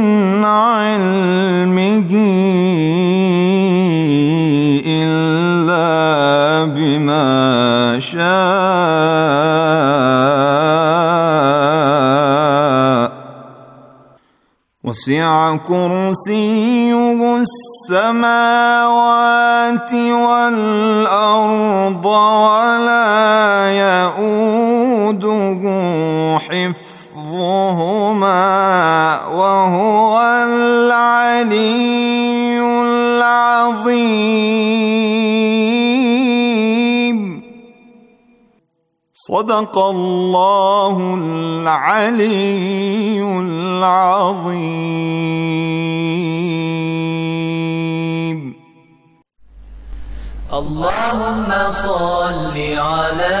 من علمه إلا بما شاء وسع كرسيه السماوات والأرض ولا يؤوده حفظ فذوقوهما وهو العلي العظيم صدق الله العلي العظيم اللهم صل على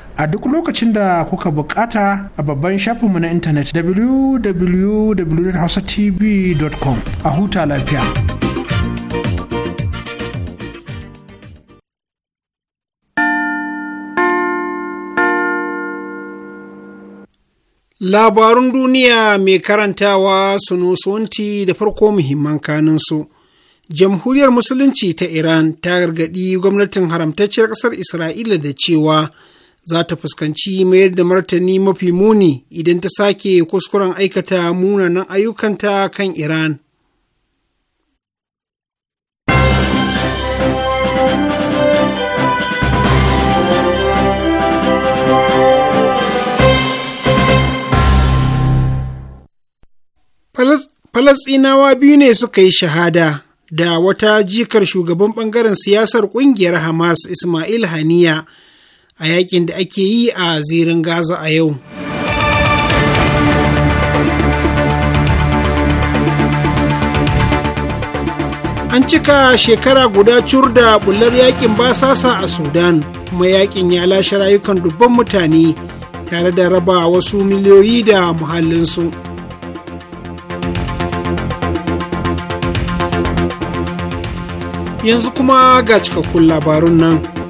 a duk lokacin da kuka bukata a babban shafinmu na intanet www.hausatv.com a huta lafiya. Labarun duniya mai karantawa su da farko muhimman kaninsu. Jamhuriyar Musulunci ta Iran ta gargaɗi gwamnatin haramtacciyar ƙasar Isra'ila da cewa za ta fuskanci mayar da martani mafi muni idan ta sake kuskuren aikata munanan ayyukanta kan Iran. Falasɗinawa biyu ne suka yi shahada da wata jikar shugaban ɓangaren siyasar ƙungiyar Hamas Ismail Haniya. a yakin da ake yi a zirin Gaza a yau. An cika shekara guda cur da bular yakin basasa a Sudan, kuma yakin ya lashe rayukan dubban mutane tare da raba wasu miliyoyi da muhallinsu. Yanzu kuma ga cikakkun labarun nan.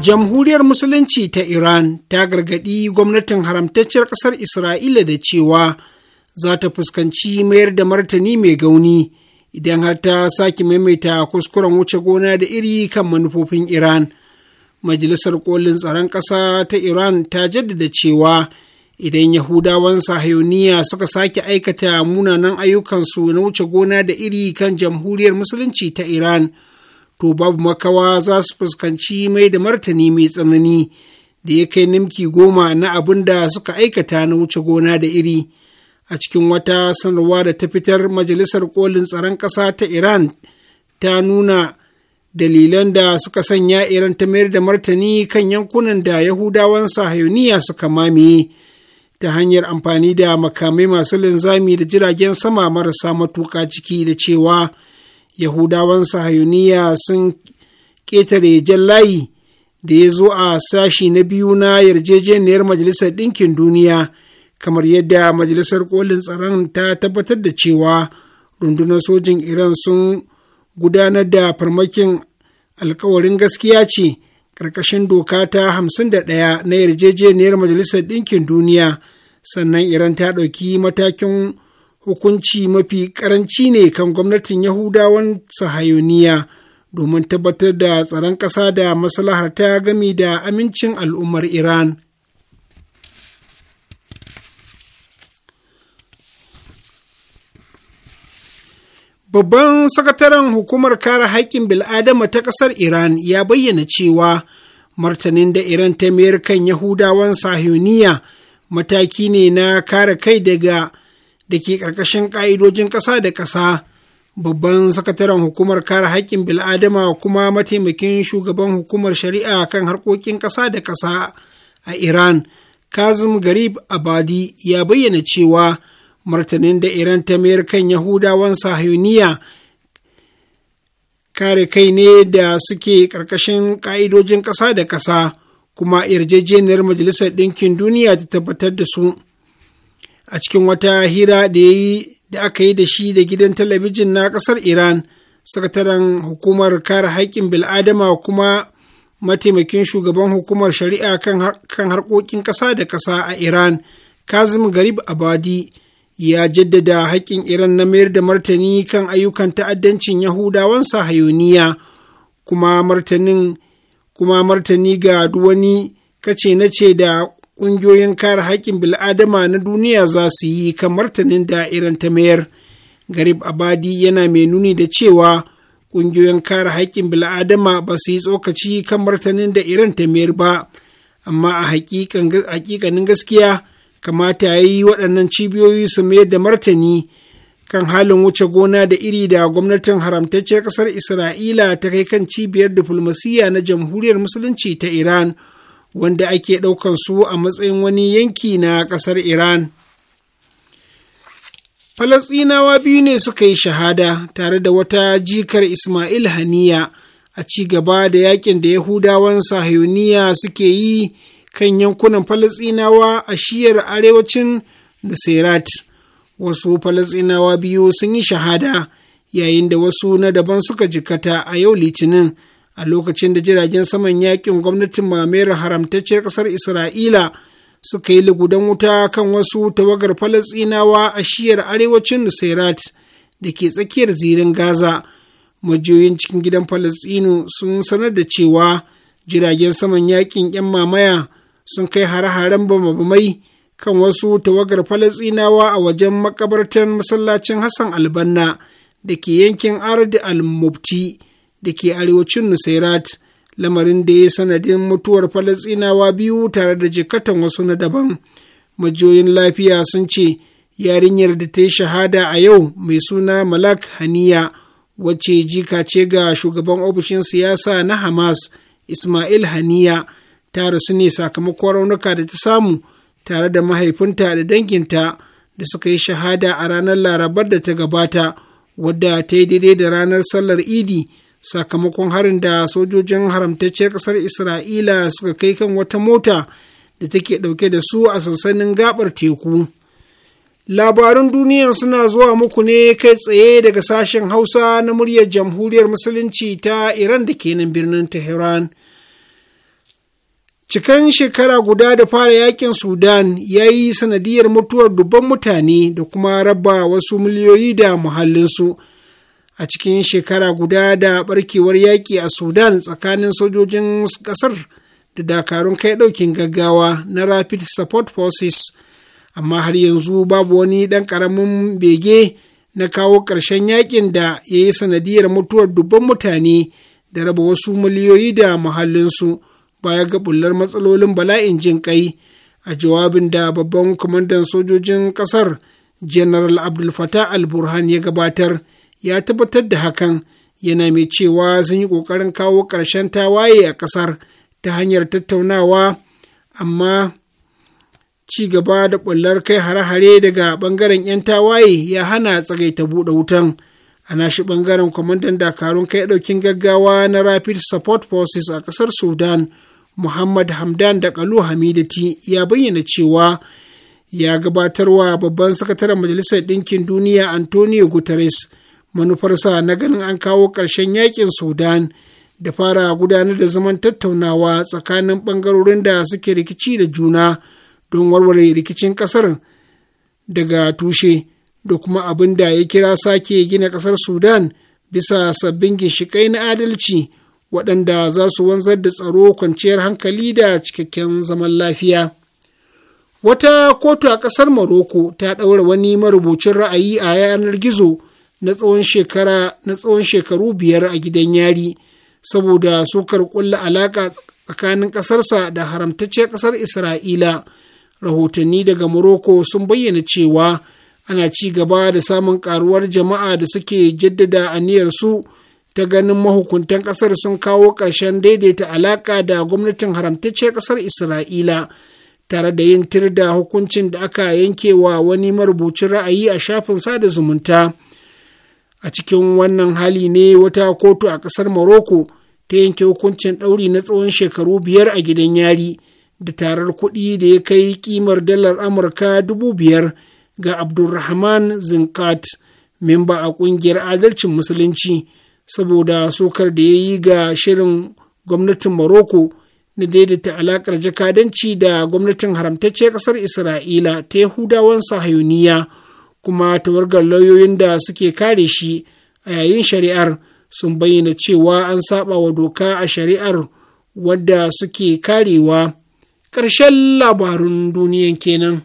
Jamhuriyar Musulunci ta Iran ta gargaɗi gwamnatin haramtacciyar ƙasar Isra'ila da cewa za ta fuskanci mayar da martani mai gauni idan har ta sake maimaita kuskuren wuce gona da iri kan manufofin Iran. Majalisar Kolin Tsaron Ƙasa ta Iran ta jaddada cewa idan Yahudawan sahayoniya suka sake aikata munanan ayyukansu na wuce gona da iri kan jamhuriyar Musulunci ta Iran. to babu makawa za su fuskanci mai da martani mai tsanani da ya kai nimki goma na abin da suka aikata na wuce gona da iri a cikin wata sanarwa da ta fitar majalisar kolin tsaron ƙasa ta iran ta nuna dalilan da suka sanya iran ta mayar da martani kan yankunan da yahudawan sahayuniya suka mamaye ta hanyar amfani da makamai masu linzami da jiragen sama marasa matuka ciki da cewa yahudawan sahayuniya sun ƙetare jan layi da ya zo a sashi na biyu na yarjejeniyar majalisar ɗinkin duniya kamar yadda majalisar ƙolin tsaron ta tabbatar da cewa rundunar sojin iran sun gudanar da farmakin alkawarin gaskiya ce ƙarƙashin doka ta ɗaya na yarjejeniyar majalisar ɗinkin duniya sannan iran ta ɗauki matakin hukunci mafi karanci ne kan gwamnatin yahudawan sahayoniya domin tabbatar da tsaron ƙasa da maslahar ta gami da amincin al'ummar iran Babban sakataren hukumar kare haƙƙin bil'adama ta ƙasar Iran ya bayyana cewa martanin da Iran ta mayar kan Yahudawan Sahiyoniya mataki ne na kare kai daga da ke ƙarƙashin ƙa'idojin ƙasa da ƙasa babban sakataren hukumar kare haƙƙin bil'adama kuma mataimakin shugaban hukumar shari'a kan harkokin ƙasa da ƙasa a iran kazim garib abadi ya bayyana cewa martanin da iran ta mayar kan yahudawan sahiyuniya kare kai ne da suke ƙarƙashin ƙa'idojin ƙasa da ƙasa kuma yarjejeniyar majalisar ɗinkin duniya ta tabbatar da su a cikin wata hira da ya yi da aka yi da shi da gidan talabijin na ƙasar iran sakataren hukumar kare haƙƙin bil'adama kuma mataimakin shugaban hukumar shari'a kan harkokin ƙasa da ƙasa a iran kazim garib abadi ya jaddada haƙƙin iran na mayar da martani kan ayyukan ta'addancin yahudawan sahayoniya kuma kuma martani ga wani kace na ce da ƙungiyoyin kare haƙƙin bil'adama na duniya za su yi kan martanin da irin ta mayar garib abadi yana mai nuni da cewa ƙungiyoyin kare haƙƙin bil'adama ba su yi tsokaci kan martanin da iran ta mayar ba amma a haƙiƙanin gaskiya kamata ya yi waɗannan cibiyoyi su mayar da martani kan halin wuce gona da iri da gwamnatin haramtacciyar ƙasar isra'ila ta kai kan cibiyar diflomasiyya na jamhuriyar musulunci ta iran wanda ake ɗaukan su a matsayin wani yanki na ƙasar Iran. Falasɗinawa biyu ne suka yi shahada tare da wata jikar Ismail Haniya a ci gaba da yakin da Yahudawan Sahiyoniya suke yi kan yankunan Falasɗinawa a shiyar arewacin da Wasu Falasɗinawa biyu sun yi shahada yayin da wasu na daban suka jikata a yau Litinin. a lokacin da jiragen saman yakin gwamnatin mamayar haramtacciyar ƙasar isra'ila suka yi lugudan wuta kan wasu tawagar falasinawa a shiyar arewacin nusairat da ke tsakiyar zirin gaza majiyoyin cikin gidan falasinu sun sanar da cewa jiragen saman yakin 'yan mamaya sun kai hare-haren bamabamai kan wasu tawagar falasinawa a wajen makabartan masallacin hassan albanna da ke yankin ardi al-mubti da ke arewacin Nusairat, lamarin da ya sanadin mutuwar Falasinawa biyu tare da jikatan wasu na daban. Majiyoyin lafiya sun ce yarinyar da ta yi shahada a yau mai suna Malak Haniya, wacce jika ce ga shugaban ofishin siyasa na Hamas, Ismail Haniya, ta rasu ne sakamakon raunuka da ta samu tare da mahaifinta da danginta da suka yi shahada a ranar larabar da ta gabata. wadda ta yi daidai da ranar sallar idi sakamakon harin da sojojin haramtacce ƙasar isra'ila suka kai kan wata mota da take ɗauke da su a sansanin gabar teku labarun duniya suna zuwa muku ne kai tsaye daga sashen hausa na muryar jamhuriyar musulunci ta iran da kenan birnin tehran cikan shekara guda da fara yakin sudan ya yi sanadiyar mutuwar dubban mutane da kuma raba wasu miliyoyi da muhallinsu. a cikin shekara guda da barkewar yaƙi a sudan tsakanin sojojin ƙasar da dakarun kai ɗaukin gaggawa na rapid support forces amma har yanzu babu wani ɗan ƙaramin bege na kawo ƙarshen yaƙin da ya yi sanadiyar mutuwar dubban mutane da raba wasu miliyoyi da muhallinsu baya ga bullar matsalolin bala'in jin ƙai a jawabin da babban kwamandan sojojin ƙasar general abdulfatah fatah al-burhan ya gabatar. ya tabbatar da hakan yana mai cewa sun yi ƙoƙarin kawo ƙarshen tawaye a ƙasar ta hanyar tattaunawa amma ci gaba da ɓullar kai hare-hare daga ɓangaren 'yan tawaye ya hana tsagaita buɗe wutan a nashi ɓangaren kwamandan dakarun kai ɗaukin gaggawa na rapid support forces a ƙasar sudan muhammad hamdan da kalu hamidati ya bayyana cewa ya gabatarwa babban sakataren majalisar ɗinkin duniya antonio guterres manufarsa na ganin an kawo ƙarshen yakin sudan da fara gudanar da zaman tattaunawa tsakanin ɓangarorin da suke rikici da juna don warware rikicin ƙasar daga tushe da kuma abin da ya kira sake gina ƙasar sudan bisa sabbin ginshiƙai na adalci waɗanda za su wanzar da tsaro kwanciyar hankali da cikakken zaman lafiya wata kotu a ƙasar maroko ta ɗaura wani marubucin ra'ayi a yanar gizo na tsawon shekara na tsawon shekaru biyar a gidan yari saboda sukar kulla alaka tsakanin ƙasarsa da haramtacce ƙasar isra'ila rahotanni daga morocco sun bayyana cewa ana ci gaba da samun karuwar jama'a da suke jaddada aniyar su ta ganin mahukuntan ƙasar sun kawo ƙarshen daidaita alaka da gwamnatin haramtacce ƙasar isra'ila tare da yin tirda hukuncin da aka yanke wa wani marubucin ra'ayi a shafin sada zumunta. a cikin wannan hali ne wata kotu a ƙasar morocco ta yanke hukuncin ɗauri na tsawon shekaru biyar a gidan yari da tarar kuɗi da ya kai kimar dalar amurka dubu biyar ga abdulrahman zinkat memba a ƙungiyar adalcin musulunci saboda sokar da ya yi ga shirin gwamnatin morocco na daidaita alaƙar jakadanci da gwamnatin haramtacce ƙasar isra'ila ta yahudawan sahayuniya kuma tawargar lauyoyin da suke kare shi a yayin shari'ar sun bayyana cewa an saba wa doka a shari'ar wadda suke karewa ƙarshen labarun duniyan kenan.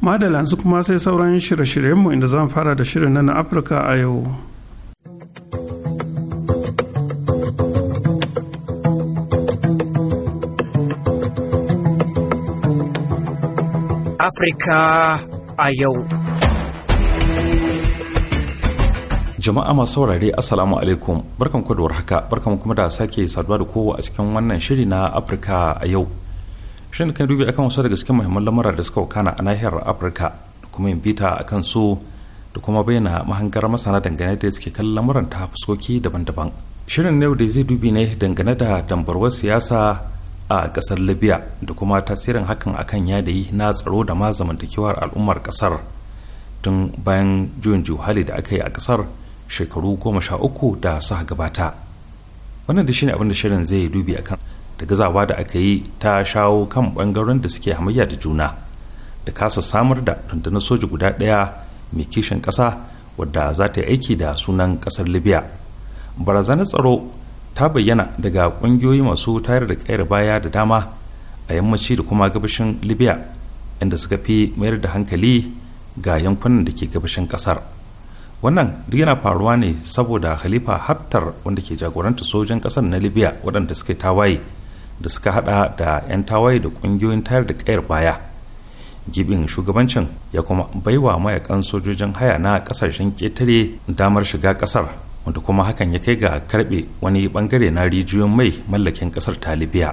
madalla yanzu kuma sai sauran shirye-shiryenmu inda zan fara da shirin na afirka a yau Afirka a yau. Jama'a masu saurare Assalamu alaikum barkan ku da warhaka barkan kuma da sake saduwa da kowa a cikin wannan shiri na Afirka a yau. Shirin kan dubi akan wasu daga cikin muhimman lamura da suka wakana a nahiyar Afirka da kuma yin bita akan su da kuma bayyana mahangar masana dangane da suke kallon lamuran ta fuskoki daban-daban. Shirin ne da zai dubi ne dangane da dambarwar siyasa a kasar libya da kuma tasirin hakan akan yadayi na tsaro da ma zamantakewar al'ummar kasar tun bayan juyin juhali da aka yi a kasar shekaru goma sha uku da suka gabata wannan da shine abin da shirin zai yi dubi akan da gazawa da aka yi ta shawo kan bangaren da suke hamayya da juna da kasa samar da rundunar soji guda ɗaya mai kishin ƙasa wadda za ta yi aiki da sunan ƙasar libya barazanar tsaro ta bayyana daga ƙungiyoyi masu tayar da kayar baya da dama a yammaci da kuma gabashin libya inda suka fi mayar da hankali ga yankunan da ke gabashin ƙasar wannan duk yana faruwa ne saboda halifa haftar wanda ke jagoranta sojan ƙasar na libya waɗanda suka tawaye da suka hada da 'yan tawaye da ƙungiyoyin tayar da kayar baya gibin shugabancin ya kuma baiwa mayakan sojojin haya na ƙasashen ƙetare damar shiga ƙasar. wanda kuma hakan ya kai ga karbe wani bangare na rijiyoyin mai mallakin kasar ta libya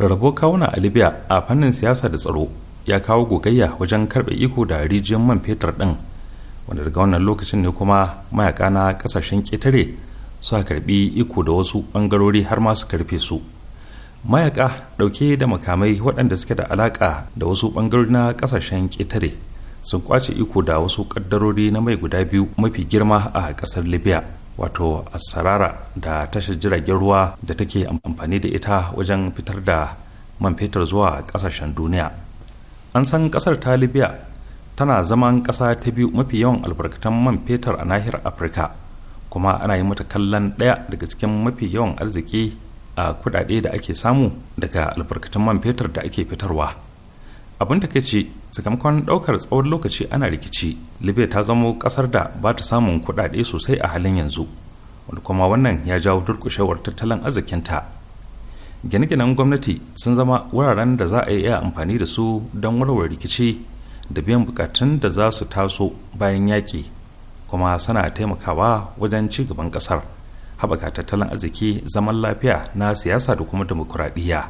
rarrabo kawuna a libya a fannin siyasa da tsaro ya kawo gogayya wajen karbe iko da rijiyoyin man fetur din wanda daga wannan lokacin ne kuma mayaka na kasashen ƙetare suka karbi iko da wasu bangarori har ma su karfe su mayaka dauke da makamai waɗanda suke da alaka da wasu bangarori na kasashen ƙetare sun kwace iko da wasu ƙaddarori na mai guda biyu mafi girma a ƙasar libya wato asarara da tashar jiragen ruwa da take amfani da ita wajen fitar da man fetur zuwa kasashen duniya an san kasar ta libya tana zaman kasa ta biyu mafi yawan albarkatun man fetur a nahiyar afirka kuma ana yi mata kallon ɗaya daga cikin mafi yawan arziki a kudade da ake samu daga albarkatun man fetur da ake fitarwa abin da kace sakamakon daukar tsawon lokaci ana rikici libya ta zamo kasar da ba ta samun kuɗaɗe sosai a halin yanzu wanda kuma wannan ya jawo durkushewar tattalin arzikinta gine-ginen gwamnati sun zama wuraren da za a iya amfani da su don warware rikici da biyan bukatun da za su taso bayan yaƙi kuma suna taimakawa wajen ci gaban ƙasar haɓaka tattalin arziki zaman lafiya na siyasa da kuma dimokuraɗiyya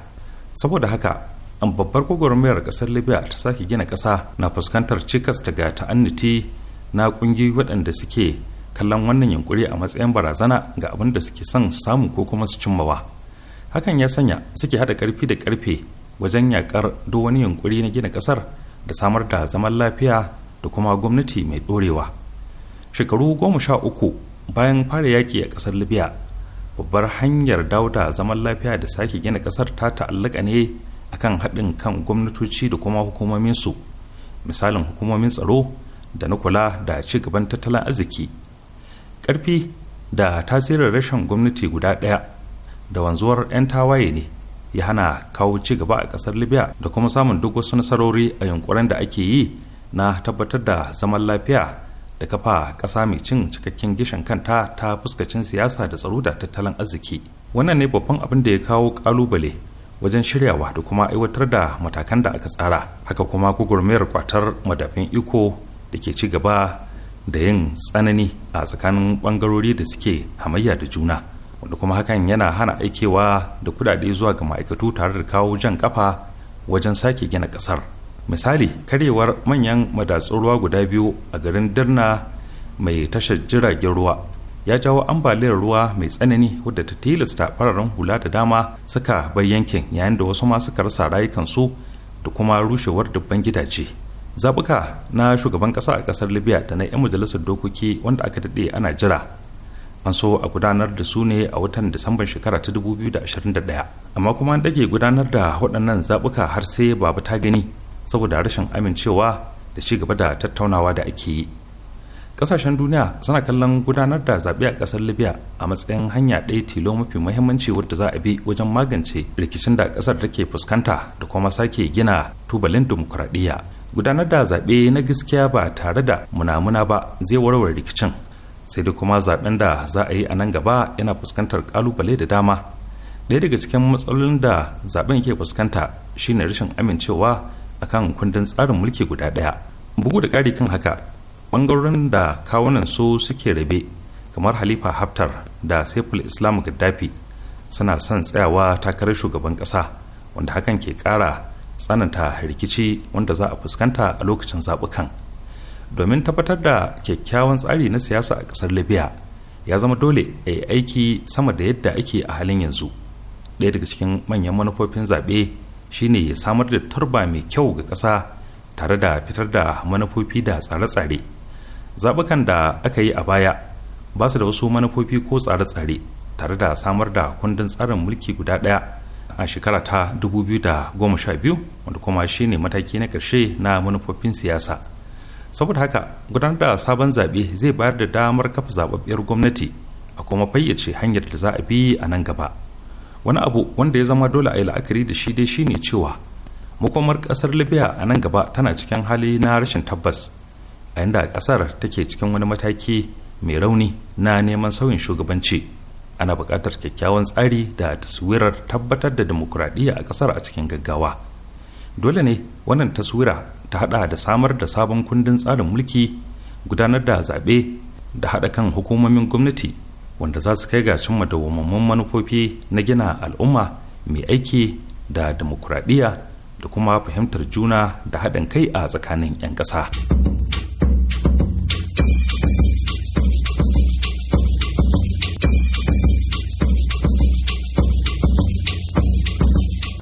saboda haka an babbar gwagwarmayar kasar libya ta sake gina kasa na fuskantar cikas daga ta'anniti na kungiyoyi waɗanda suke kallon wannan yankuri a matsayin barazana ga abin da suke son samu ko kuma su cimmawa hakan ya sanya suke hada karfi da karfe wajen yakar duk wani yunkuri na gina kasar da samar da zaman lafiya da kuma gwamnati mai ɗorewa shekaru goma sha uku bayan fara yaƙi a ƙasar libya babbar hanyar dawo da zaman lafiya da sake gina ƙasar ta ta'allaka ne akan haɗin kan gwamnatoci da kuma hukumominsu misalin hukumomin tsaro da na kula da ci gaban tattalin arziki ƙarfi da tasirin rashin gwamnati guda ɗaya da wanzuwar 'yan tawaye ne ya hana kawo ci gaba a ƙasar libya da kuma samun duk wasu nasarori a yunkurin da ake yi na tabbatar da zaman lafiya da kafa ƙasa mai cin cikakken gishan kanta ta fuskacin siyasa da tsaro da tattalin arziki wannan ne babban abin da ya kawo ƙalubale wajen shiryawa da kuma aiwatar da matakan da aka tsara haka kuma gugurmayar kwatar madafin iko da ke ci gaba da yin tsanani a tsakanin bangarori da suke hamayya da juna wanda kuma hakan yana hana aikewa da kudade zuwa ga ma'aikatu tare da kawo jan kafa wajen sake gina kasar misali karyewar manyan madatsun ruwa guda biyu a garin dirna mai tashar jiragen ruwa ya jawo ambaliyar ruwa mai tsanani wadda ta tilasta fararen hula da dama suka bar yankin yayin da wasu ma suka rasa rayukansu da kuma rushewar dubban gidaje zabuka na shugaban ƙasa a ƙasar libya da na 'yan majalisar dokoki wanda aka daɗe ana jira an so a gudanar da su ne a watan disamban shekara ta da da 2021 amma kuma an dage gudanar da waɗannan zabuka har sai babu ta gani saboda rashin amincewa da ci gaba da tattaunawa da ake yi kasashen duniya suna kallon gudanar da zaɓe a ƙasar libya a matsayin hanya ɗaya tilo mafi muhimmanci wadda za a bi wajen magance rikicin da ƙasar take fuskanta da kuma sake gina tubalin dimokuraɗiyya gudanar da zaɓe na gaskiya ba tare da munamuna ba zai warware rikicin sai dai kuma zaɓen da za a yi a nan gaba yana fuskantar ƙalubale da dama ɗaya daga cikin matsalolin da zaɓen ke fuskanta shine rashin amincewa akan kundin tsarin mulki guda ɗaya bugu da ƙari kan haka ɓangarorin da kawunan su suke rabe kamar halifa haftar da saiful islam gaddafi suna son tsayawa takarar shugaban ƙasa wanda hakan ke ƙara tsananta rikici wanda za a fuskanta a lokacin zaɓukan domin tabbatar da kyakkyawan tsari na siyasa a ƙasar libya ya zama dole a yi aiki sama da yadda ake a halin yanzu ɗaya daga cikin manyan manufofin zaɓe shine ya samar da turba mai kyau ga ƙasa tare da fitar da manufofi da tsare-tsare zaɓukan da aka yi a baya ba su da wasu manufofi ko tsare-tsare tare da samar da kundin tsarin mulki guda ɗaya a shekara ta 2012 wanda kuma shi ne mataki na ƙarshe na manufofin siyasa saboda haka gudanar da sabon zaɓe zai bayar da damar kafa zaɓaɓɓiyar gwamnati a kuma fayyace hanyar da za a bi a nan gaba wani abu wanda ya zama dole a yi la'akari da shi dai shine cewa makomar ƙasar libya a nan gaba tana cikin hali na rashin tabbas a da kasar take cikin wani mataki mai rauni na neman sauyin shugabanci ana buƙatar kyakkyawan tsari da taswirar tabbatar da demokuraɗiyya a ƙasar a cikin gaggawa dole ne wannan taswira ta haɗa da samar da sabon kundin tsarin mulki gudanar da zaɓe da haɗa kan hukumomin gwamnati wanda za su kai ga cimma dawwammamin manufofi na gina al'umma mai aiki da demokuraɗiyya da kuma fahimtar juna da haɗin kai a tsakanin 'yan ƙasa.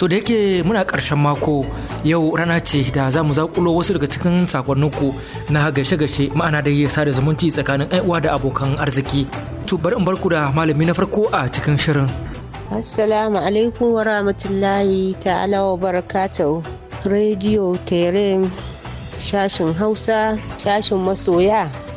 To da yake muna karshen mako yau rana ce da za mu zaƙulo wasu daga cikin sakonninku na gashe-gashe ma'ana da yi sada zumunci tsakanin uwa da abokan arziki. To bari in ku da malami na farko a cikin shirin. Assalamu alaikum wa rahmatullahi ta'ala wa barakatuhu. Radio Terem, shashin Hausa, shashin masoya.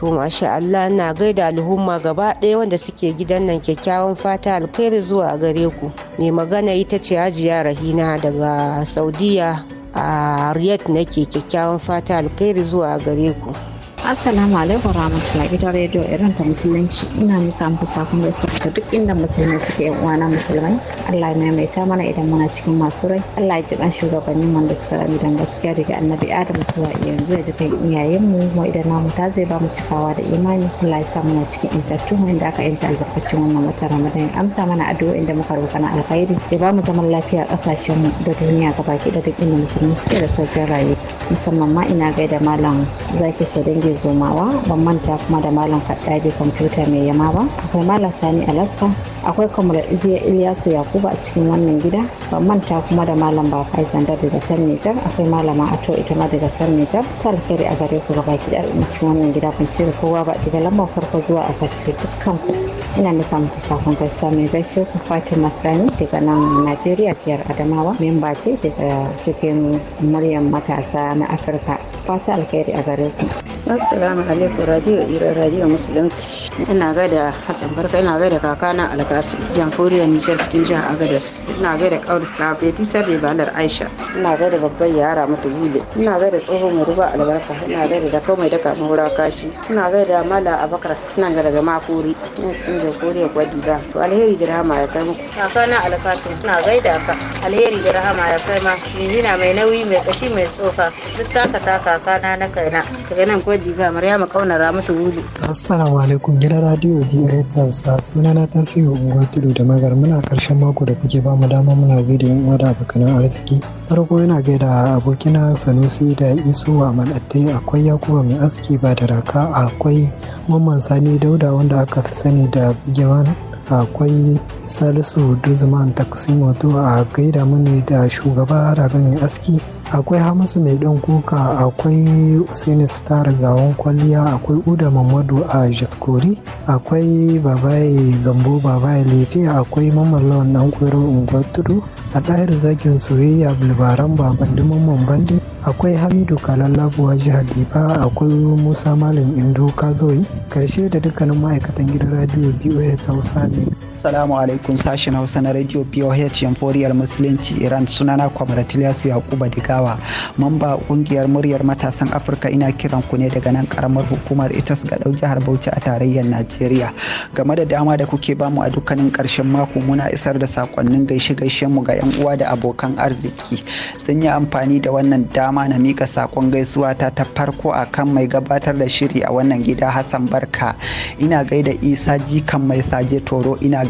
to masha Allah na gaida alhumma gaba ɗaya wanda suke gidan nan kyakkyawan fata alkhairi zuwa gare ku mai magana ita ce hajiya rahina daga saudiya a riyadh nake kyakkyawan fata alkhairi zuwa gare ku Assalamu alaikum rahmatullahi ta rediyo irin ta musulunci ina muku sakon gaisuwa ga duk inda musulmi suke yan uwana musulmai Allah ya sa mana idan muna cikin masu rai Allah ya ji shugabanni man da suka rami dan gaskiya daga annabi Adam zuwa yanzu ya ji kan iyayen mu mu idan mu ta zai ba mu cikawa da imani Allah ya sa muna cikin intattu inda aka yanta albarkacin wannan wata Ramadan amsa mana addu'o inda muka roƙa na alkhairi ya ba mu zaman lafiya kasashen mu da duniya baki. da duk inda musulmi suke da sauƙin rayuwa musamman ma ina gaida malam zaki so dange zomawa ban manta kuma da malam bi kwamfuta mai yama ba akwai malam sani alaska akwai kamar iziya ilyasu yakubu a cikin wannan gida ba manta kuma da malam ba faizan da daga can nijar akwai malama ato ita ma daga can nijar ta alheri a gare ku gaba ki in cikin wannan gida ban cire kowa ba daga lambar farko zuwa a fashe dukkan ku ina nufa muku sakon gaisuwa mai gaishe ku fatima sani daga nan najeriya jihar adamawa memba ce daga cikin muryan matasa na afirka fata alheri a gare ku assalamu alaikum radio ira radio musulunci ina gaida hassan barka ina gaida kakana alkasi jamhuriyar nijar cikin jihar agadas ina gaida kawar kafeti sarri balar aisha ina gaida babban yara mata gule ina gaida tsoho mai ruba albarka ina gaida da kawai daka mahura kashi ina gaida mala abakar ina ga ga makuri ina cikin jamhuriyar da to alheri da rahama ya kai muku kakana alkasi ina gaida ka alheri da rahama ya kai ma jinjina mai nauyi mai kashi mai tsoka duk taka ta kakana na kaina daga nan ko jiga maryama kaunara musu wulu assalamu alaikum gidan radio biyu hausa suna na siyo unguwa tudu da magar muna karshen mako da kuke ba mu dama muna gaida yan uwa da abokanan arziki farko yana gaida abokina sanusi da iso a manatte akwai yakuba mai aski ba da raka akwai mamman sani dauda wanda aka fi sani da bigiman akwai salisu duzman taksimoto a gaida mini da shugaba rabe mai aski akwai hamisu mai ɗan kuka akwai usaini star gawon kwalliya akwai uda mamadu a jatkori akwai babaye gambo babaye lefe akwai mamallon dan kwero ungwaturu a ɗahir zakin soyayya bulbaran baban mamman bandi akwai hamidu a jihar diba akwai musa malam indo kazoyi karshe da dukkanin ma'aikatan gidan radio boa ta hausa Assalamu alaikum sashen Hausa na Radio POH Yamforiyar Musulunci Iran sunana Kwamratiliyasu Yakuba Digawa. Mamba kungiyar muryar matasan Afirka ina kiran ku ne daga nan karamar hukumar ITAS ga ɗau jihar Bauchi a tarayyar Najeriya. Game da dama da kuke bamu a dukkanin karshen mako muna isar da sakonnin gaishe gaishen mu ga yan uwa da abokan arziki. Sun yi amfani da wannan dama na mika sakon gaisuwa ta ta farko akan mai gabatar da shiri a wannan gida Hassan Barka. Ina gaida Isa Jikan mai saje Toro ina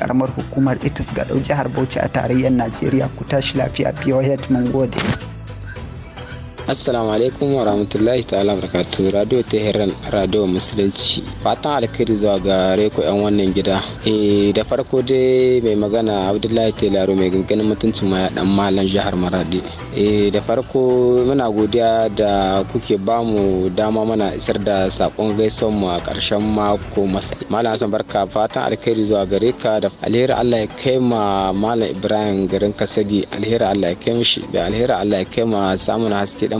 karamar hukumar itis ga jihar bauchi a tarayyar najeriya ku tashi lafiya pos mun gode assalamu alaikum wa rahmatullahi ta'ala barakatu radio teheran radio musulunci fatan alkhairi zuwa ga reko yan wannan gida e da farko dai mai magana abdullahi telaro mai ganganin mutuncin ma dan malam jihar maradi e da farko muna godiya da kuke bamu dama mana isar da sakon gaison mu a karshen mako masai malam san barka fatan alkhairi zuwa gare ka da alheri Allah ya kai ma malam ibrahim garin kasagi alheri Allah ya kai mishi da alheri Allah ya kai ma samun haske dan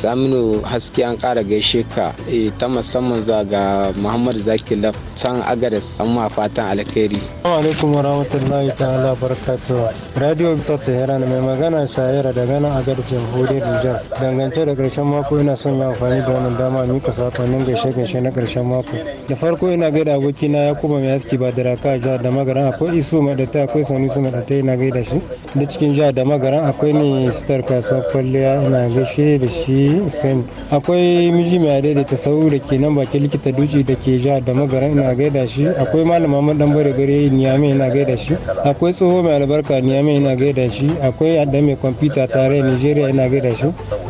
saminu haske an kara gaishe ka eh, ta musamman za ga muhammad zaki laf can agadas an ma fatan alkhairi alaikum warahmatullahi ta'ala barakatu radio bisar tehran mai magana shayara daga nan agadar jamhuriyar nijar dangance da karshen mako ina son yi amfani da wannan dama mika sakonnin gaishe gaishe na karshen mako da farko ina gaida abokina yakuba mai haske ba da raka jihar da magaran akwai isu ta akwai da ta ina gaida shi da cikin jihar da magaran akwai ne sitar kasuwar kwalliya ina gaishe da shi Eh, Abdullahi Hussein. Akwai miji mai adai daidaita sauru da ke nan bakin likita duci da ke ja da magara ina gaida shi. Akwai malama madan bare bare Niyame ina gaida shi. Akwai tsoho mai albarka Niyame ina gaida shi. Akwai adda mai kwamfuta tare Nigeria ina gaida shi.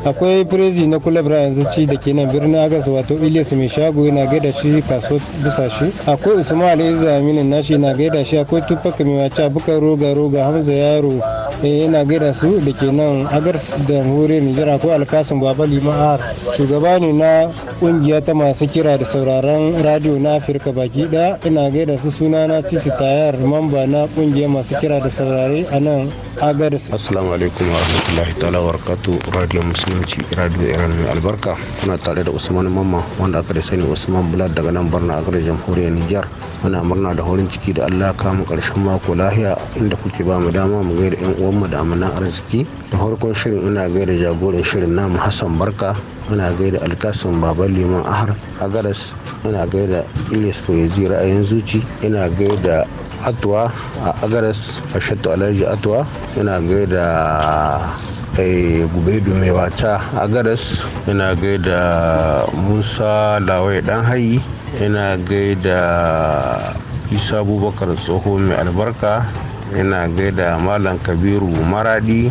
Akwai prezi na kula bra yanzu ci da ke nan birnin Agas wato Ilyas mai shago ina gaida shi kaso bisa shi. Akwai Usman Ali Zaminin nashi ina gaida shi. Akwai Tupac mai wace bukar roga roga Hamza Yaro eh, ina gaida su da ke nan Agas da Hore Nigeria akwai Alkasim Baba Abali Ma'ar shugaba ne na kungiya ta masu kira da sauraron radio na Afirka baki da ina gaida su sunana Siti Tayar mamba na kungiya masu kira da saurare a nan Agaris. Assalamu alaikum wa rahmatullahi ta'ala wa barakatu radio musulunci radio Iran mai albarka kuna tare da Usman Mamma wanda aka da sani Usman Bulat daga nan Barna a garin jamhuriyar Nijar muna murna da horin ciki da Allah mu karshen mako lahiya inda kuke ba mu dama mu gaida yan uwanmu da amana arziki da farkon shirin ina gaida jagoran shirin namu Hassan barka muna gaida alkasun baban liman ahar garas muna gaida ilis poezi ra'ayin zuci ina gaida atuwa a agaras a shatta alhaji atuwa ina gaida a eh, gubedu mai wata agaras ina gaida musa lawai dan hayi ina gaida isa abubakar tsoho mai albarka ina gaida malam kabiru maradi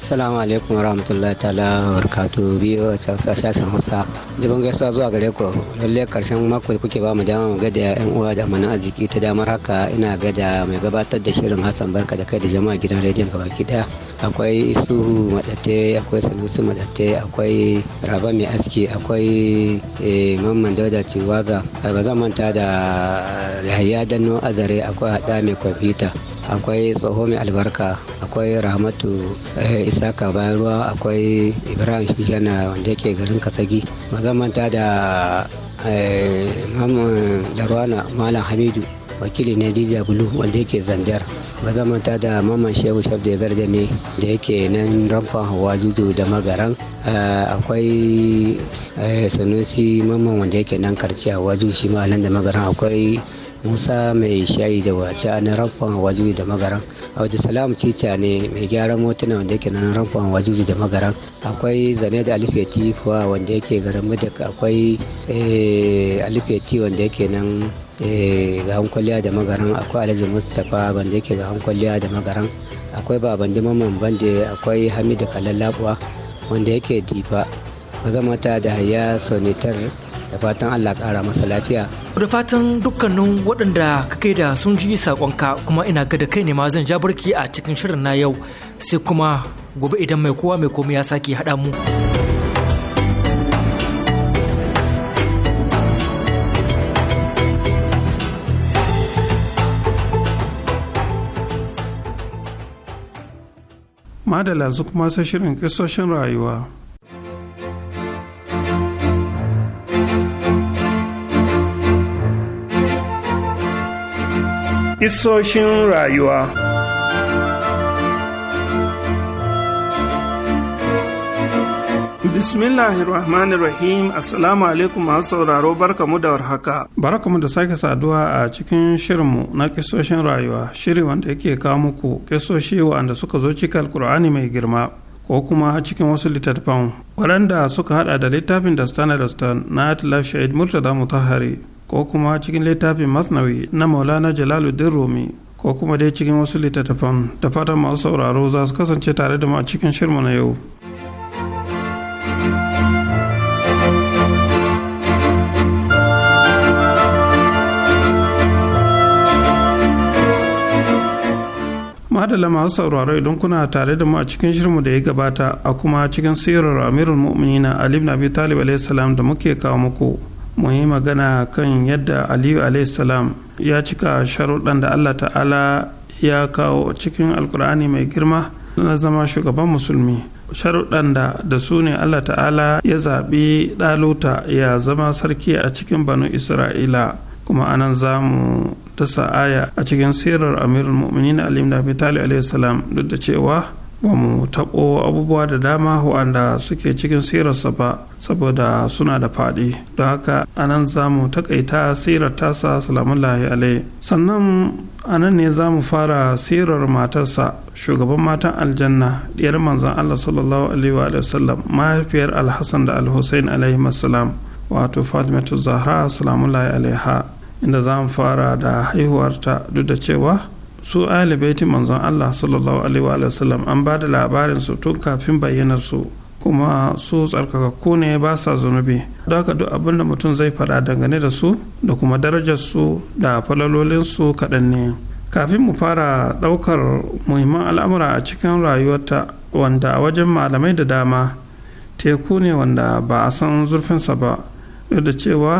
Assalamu alaikum rahmatullahi ta'ala barkatu biyu a sashen Hausa. Jibin gaisuwa zuwa gare ku lalle karshen mako kuke ba mu dama mu gada yan uwa da mana arziki ta damar haka ina gada mai gabatar da shirin Hassan Barka da kai da jama'a gidan rediyon gabaki daya. akwai isuhu madatte akwai sanusi madatte akwai raba mai aski akwai eh, mamman dauda ciwaza eh, ba zan manta da yahaya danno azare akwai hada mai kwamfuta akwai tsoho mai albarka akwai rahmatu eh, isaka bayan ruwa akwai ibrahim shigana wanda yake garin kasagi ba zan manta da darwana malam hamidu wakili ne dija bulu wanda yake zandar ta da maman shehu shabda garda ne da yake nan rampa hawa juju da magaran ah, akwai eh, sanusi maman wanda yake nan karciya waju shi ma nan da magaran akwai musa mai shayi da wace a nan ramfan wajuji da magaran a wajen salamu cica ne mai gyaran motuna wanda yake nan ramfan wajuji da magaran akwai zane da alifeti fuwa wanda yake garin madaka akwai eh, alifeti wanda yake nan Eh, ga kwalliya da magaran akwai alhaji mustapha banda yake ga kwalliya da magaran akwai baban dimaman banda akwai hamidu kalalabuwa wanda yake difa mazamata da ya sonitar da fatan allah kara masa lafiya da fatan dukkanin waɗanda ka kai da sun ji saƙonka kuma ina ga kai ne ma zan ja barki a cikin shirin na yau sai kuma gobe idan mai kowa mai komai ya sake haɗa mu. da yanzu kuma sai shirin kisoshin rayuwa. isoshin rayuwa Bismillahirrahmanirrahim Assalamu alaikum masu sauraro barkamu da warhaka. Barkamu da sake saduwa a cikin shirinmu na kisoshin rayuwa, shiri wanda yake kawo muku kisoshi wa'anda suka zo cikin Alkur'ani mai girma ko kuma cikin wasu littattafan waɗanda suka hada da littafin da Stanley stan na Atlas Shahid Murtada Mutahari ko kuma cikin littafin Masnawi na Maulana Jalaluddin Rumi ko kuma dai cikin wasu littattafan da fatan masu sauraro za su kasance tare da mu a cikin shirinmu na yau. adala masu sauraro idan kuna tare da mu a cikin shirinmu da ya gabata a kuma cikin sirar amirul mu'minina ali na abi talib salam da muke kawo muku mun yi magana kan yadda aliyu salam ya cika sharuɗan da allah ta'ala ya kawo cikin alkur'ani mai girma na zama shugaban musulmi sharuɗan da da su ne allah ta'ala ya zaɓi ɗaluta ya zama sarki a cikin banu isra'ila kuma anan za mu dasa aya a cikin sirar amirul mu'minin ali ibn abi talib alayhi duk da cewa ba mu taɓo abubuwa da dama wanda suke cikin sirarsa ba saboda suna da faɗi don haka anan za mu taƙaita sirar tasa salamullahi alai sannan anan ne za mu fara sirar matarsa shugaban matan aljanna ɗiyar manzon allah sallallahu alaihi wa sallam mahaifiyar alhassan da alhussein alaihi wato fatimatu zahra salamullahi alaiha inda za mu fara da haihuwarta duk da cewa su ahli baitin manzon Allah sallallahu alaihi wa sallam an ba da labarinsu su tun kafin bayyanar su kuma su tsarkakakku ne ba sa zunubi da duk abin da mutum zai faɗa dangane da su da kuma darajarsu da falalolin kaɗan ne kafin mu fara ɗaukar muhimman al'amura a cikin rayuwarta wanda a wajen malamai da dama teku ne wanda ba a san zurfinsa ba duk da cewa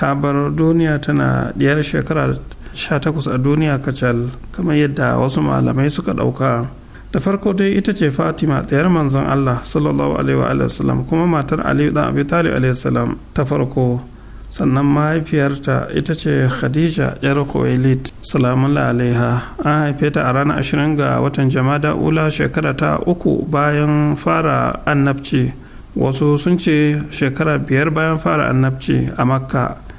ta bar duniya tana ɗiyar shekara 18 a duniya kacal kamar yadda wasu malamai suka ɗauka da farko dai ita ce fatima tsayar manzon allah sallallahu alaihi wa kuma matar aliyu dan abi talib alaihi ta farko sannan mahaifiyarta ita ce khadija yar kuwailit salamun alaiha an haife ta a ranar ashirin ga watan jama'a ula shekara ta uku bayan fara annabci wasu sun ce shekara biyar bayan fara annabci a makka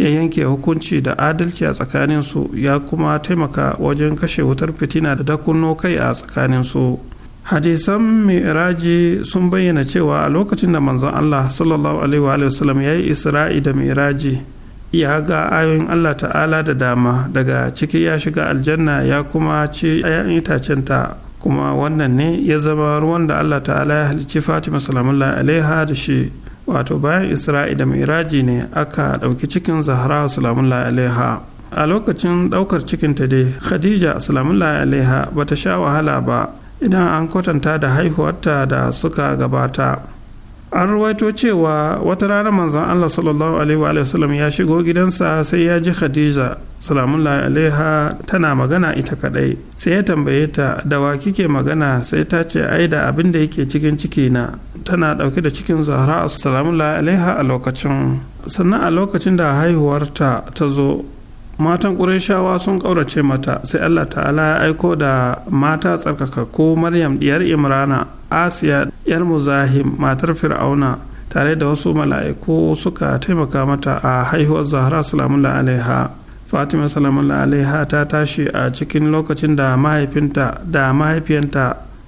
ya yanke hukunci da adalci a tsakanin su ya kuma taimaka wajen kashe wutar fitina da dakunno kai a tsakanin su hadisan mi'raji sun bayyana cewa a lokacin da manzon allah sallallahu alaihi wa sallam ya yi isra'i da mi'raji ya ga ayoyin allah ta'ala da dama daga ciki ya shiga aljanna ya kuma ci itacen ta kuma wannan ne ya zama ruwan da allah ta'ala ya halicci fatima salamullahi alaiha da shi wato bayan isra'i da miraji ne aka ɗauki cikin zahra salamullahi alaiha a lokacin ɗaukar cikinta dai khadija salamullahi alaiha ba ta sha wahala ba idan an kwatanta da haihuwarta da suka gabata an ruwaito cewa wata rana manzon allah sallallahu alaihi wa sallam ya shigo gidansa sai ya ji khadija salamullahi alaiha tana magana ita kadai sai ya tambaye ta da wa kike magana sai ta ce ai da abin da yake cikin ciki na tana ɗauke da cikin zahra assalamu alaiha a lokacin sannan a lokacin da haihuwarta ta zo matan ƙurashawa sun ƙaurace mata sai allah ta'ala ya aiko da mata tsarkaka ko maryam diyar imrana asiya yar muzahim matar fir'auna tare da wasu mala'iku suka taimaka mata a haihuwar zahra salamu alaiha fatima salamu alaiha ta tashi a cikin lokacin da mahaifinta da mahaifiyanta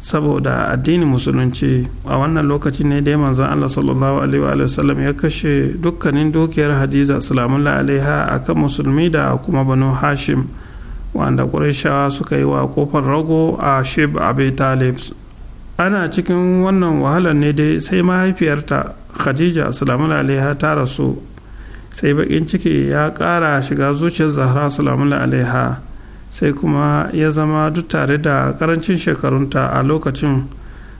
saboda addinin musulunci a wannan lokaci ne dai manzon Allah sallallahu alaihi wa sallam ya kashe dukkanin dukiyar Hadiza salamullah a kan musulmi da kuma Banu Hashim wanda Qurayshawa suka yi wa kofar rago a Shib Abi Talib ana cikin wannan wahalar ne dai sai mahaifiyarta Khadija salamullah alaiha ta rasu sai bakin ciki ya kara shiga zuciyar Zahra salamullah alaiha sai kuma ya zama duk tare da karancin shekarunta a lokacin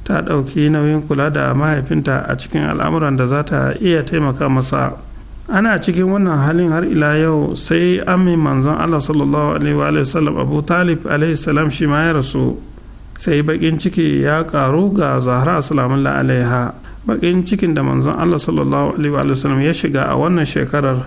ta ɗauki nauyin kula da mahaifinta a cikin al'amuran da za ta iya taimaka masa ana cikin wannan halin har ila yau sai ami manzon allah sallallahu alaihi wa sallam abu talib alaihi salam shi ma ya rasu sai bakin ciki ya karu ga zahra salamullah alaiha bakin cikin da manzon allah sallallahu alaihi wa sallam ya shiga a wannan shekarar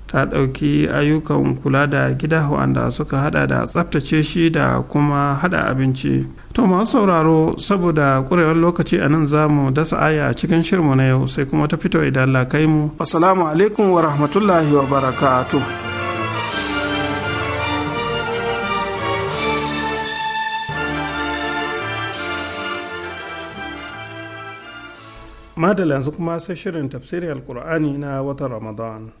ta ɗauki ayyukan kula da gida wanda suka hada da tsaftace shi da kuma hada abinci. To masu sauraro saboda ƙurewar lokaci a nan za mu dasa aya a cikin shirmu na yau sai kuma ta fito idan Allah kai mu. Assalamu alaikum wa rahmatullahi wa barakatuh. Madalla yanzu kuma sai shirin tafsirin alkur'ani na watan Ramadan.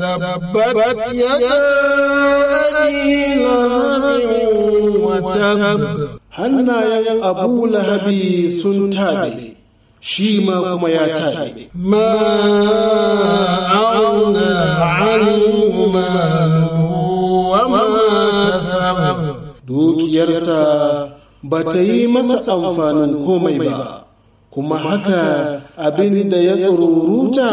tabbat hannayen abu lahabi sun tabe shi ma kuma ya tabe ma auna anhu wa ma dukiyarsa ba ta yi masa amfanin komai ba kuma haka abin da ya tsoro ruta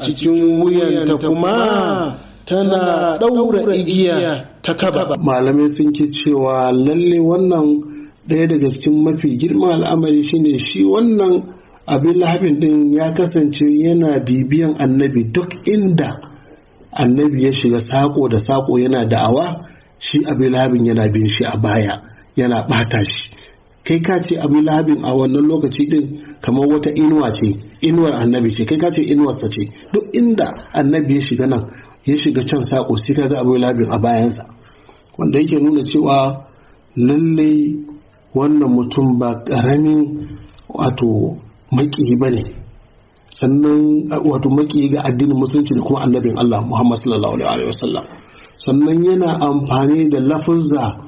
cikin wuyanta kuma tana ɗaura igiya ta kaba malamai sun ke cewa lalle wannan ɗaya daga cikin mafi girma al'amari shine shi wannan abin lahabin din ya kasance yana bibiyan annabi duk inda annabi ya shiga sako da sako yana da'awa shi abin lahabin yana bin shi a baya yana ɓata shi kai ka ce abin lahabin a wannan lokaci din kamar wata inuwa ce inuwar annabi ce kai ka ce inuwarsa ce duk inda annabi ya shiga nan ya shiga can sako sai ka ga abu labin a bayansa wanda yake nuna cewa lallai wannan mutum ba ƙaramin wato maƙiyi ba ne sannan wato maƙiyi ga addinin musulunci da kuma annabin Allah Muhammad sallallahu alaihi wasallam sannan yana amfani da lafuzza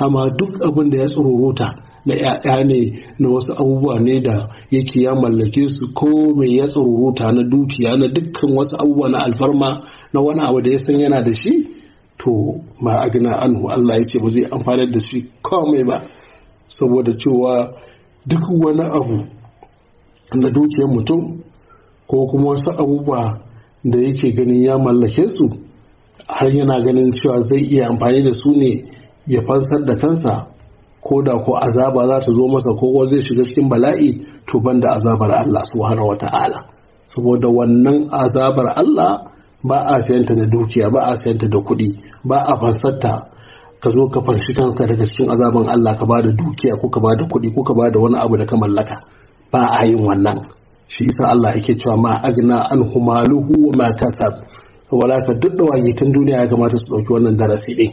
amma duk abin da ya tsororota na ‘ya'ya ne na wasu abubuwa ne da yake ya mallake su ko mai ya tsororota na dukiya na dukkan wasu abubuwa na alfarma na wani abu da ya san yana da shi to ma agna anhu Allah yace ba zai amfani da shi komai ba saboda cewa duk wani abu na dukiyar mutum ko kuma wasu abubuwa da yake ganin ya mallake su har yana ganin cewa zai iya amfani da su ne ya fansar da kansa ko da ko azaba za ta zo masa ko zai shiga cikin bala'i to ban da azabar Allah subhanahu wata'ala saboda wannan azabar Allah ba a sayanta da dukiya ba a sayanta da kuɗi ba a fansarta ka zo ka farshi kanka daga cikin azaban Allah ka ba da dukiya ko ka bada kuɗi ko ka da wani abu da ka mallaka ba a yin wannan shi isa Allah yake cewa ma agna an humaluhu wa ma kasab ka duk duniya ya kamata su dauki wannan darasi din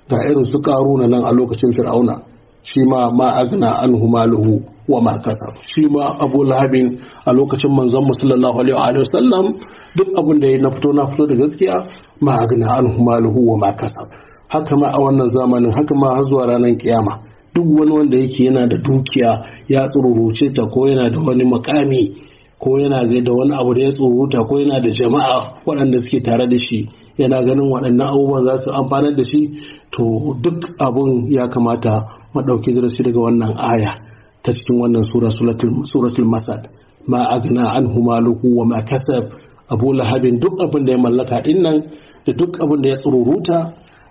ta irin su na nan a lokacin fir'auna shi ma ma maluhu wa ma kasa shi ma abu lahabin a lokacin manzon mu sallallahu alaihi wa sallam duk abin da ya na fito na fito da gaskiya ma agna maluhu wa ma kasa haka ma a wannan zamanin haka ma har zuwa ranar kiyama duk wani wanda yake yana da dukiya ya tsururuce ta ko yana da wani makami ko yana da wani abu da ya tsoruta ko yana da jama'a waɗanda suke tare da shi yana ganin waɗannan abubuwan za su amfanar da shi to duk abun ya kamata maɗauki darasi daga wannan aya ta cikin wannan suratul masad ma agna an wa ma kasab abu lahabin duk abin da ya mallaka dinnan da duk abin da ya tsururuta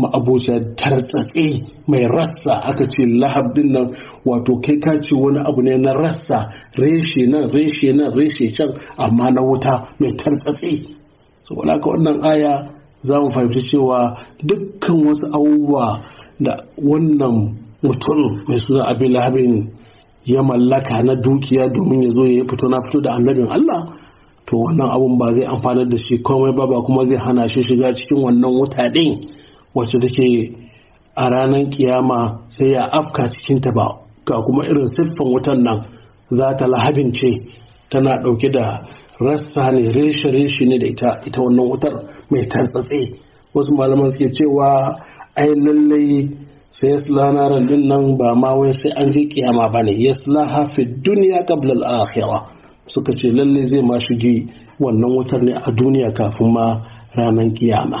Ma'abuja tartsatse mai rassa aka ce lahab din nan wato kai ka ce wani abu ne na rassa reshe nan reshe nan reshe can amma na wuta mai tartsatse saboda ka wannan aya za mu fahimci cewa dukkan wasu abubuwa da wannan mutum mai suna abin lahabin ya mallaka na dukiya domin ya zo ya yi fito na fito da annabin Allah to wannan abun ba zai amfanar da shi komai ba ba kuma zai hana shi shiga cikin wannan wuta din wacce take a ranar kiyama sai ya afka cikinta ba ga kuma irin siffan wutan nan za ta lahabin ce tana ɗauke da rassa ne reshe-reshe ne da ita wannan wutar mai tantsatse wasu malaman suke cewa ai lallai sai yasla naran din nan ba ma wai sai an je kiyama ba ne ya sula hafi duniya qabla a suka ce lallai zai ma shige wannan wutar ne a duniya kafin ma ranar kiyama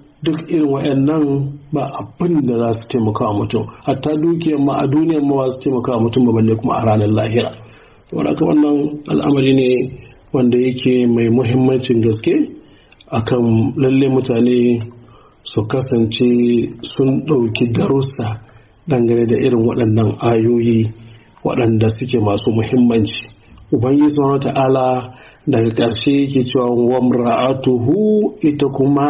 duk irin wayannan ba abin da za su taimaka wa mutum hatta dukiyar ma a duniyar ma su taimaka wa mutum ba balle kuma a ranar lahira saboda wannan al'amari ne wanda yake mai muhimmancin gaske akan lalle mutane su kasance sun ɗauki darussa dangane da irin waɗannan ayoyi waɗanda suke masu muhimmanci ubangiji wa ta'ala daga ƙarshe yake cewa wa ita kuma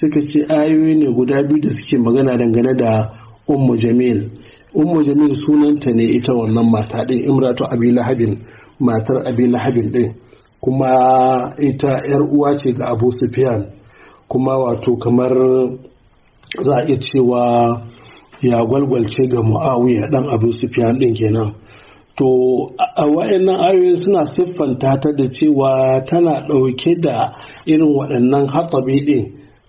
suka ce ayoyi ne guda biyu da suke magana dangane da ummu jamil ummu jamil sunanta ne ita wannan mata ɗin imratu abi lahabin matar abi lahabin din kuma ita yar uwa ce ga abu sufyan kuma wato kamar za a iya cewa ya gwalgwalce ga mu'awiya ɗan abu sufyan din kenan to a nan, ayoyin suna siffanta ta da cewa tana ɗauke da irin waɗannan hatsabi ɗin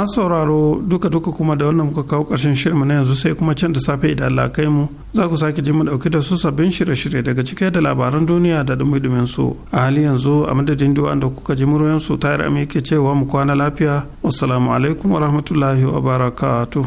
an sauraro duka-duka kuma da wannan muka kawo ƙarshen shirma na yanzu sai kuma can da safe idan Allah kai mu za ku sake ji mu dauki da su sabbin shirye-shirye daga cike da labaran duniya da dumi-dumin su a hali yanzu a madadin duwan da kuka ji muryoyin su tayar amma yake cewa mu kwana lafiya wassalamu alaikum wa barakatu.